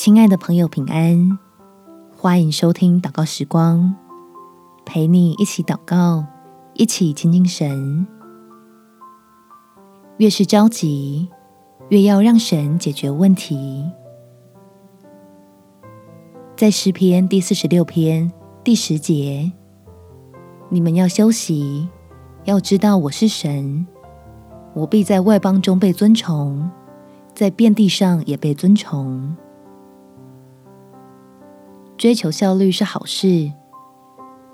親愛的朋友，平安！歡迎收聽禱告時光，陪你一起禱告，一起親近神。越是着急，越要讓神解決問題。在詩篇第四十六篇第十節，你們要休息，要知道我是神，我必在外邦中被尊崇，在遍地上也被尊崇。追求效率是好事，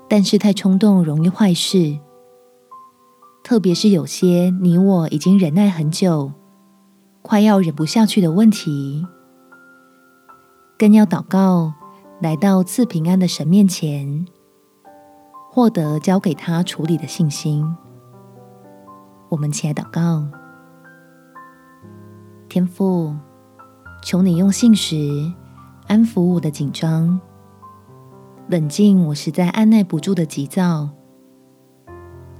但是太衝動容易壞事。特別是有些你我已經忍耐很久，快要忍不下去的問題，更要禱告來到賜平安的神面前，獲得交給他處理的信心。我們起來禱告，天父，求你用信實安撫我的緊張。冷靜，我實在按捺不住的急躁，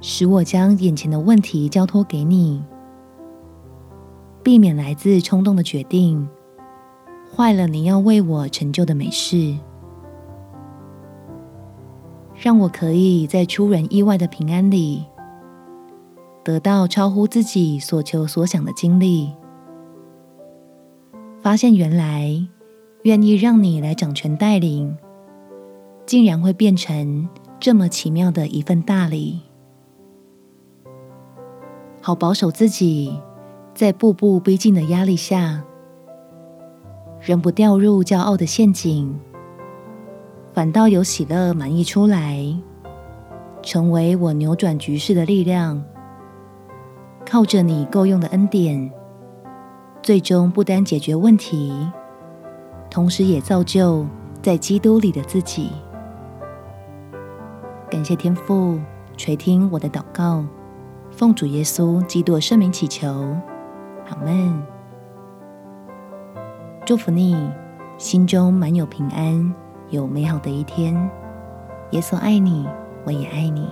使我將眼前的問題交託給你，避免來自衝動的決定，壞了你要為我成就的美事，讓我可以在出人意外的平安裡，得到超乎自己所求所想的經歷，發現原來願意讓你來掌權帶領，竟然會變成這麼奇妙的一份大禮！好保守自己，在步步逼近的壓力下，仍不掉入驕傲的陷阱，反倒有喜樂滿溢出來，成為我扭轉局勢的力量。靠着你夠用的恩典，最終不單解決問題，同時也造就在基督裡的自己。感謝天父垂聽我的禱告，奉主耶穌基督聖名祈求，阿們。祝福你，心中滿有平安，有美好的一天。耶穌愛你，我也愛你。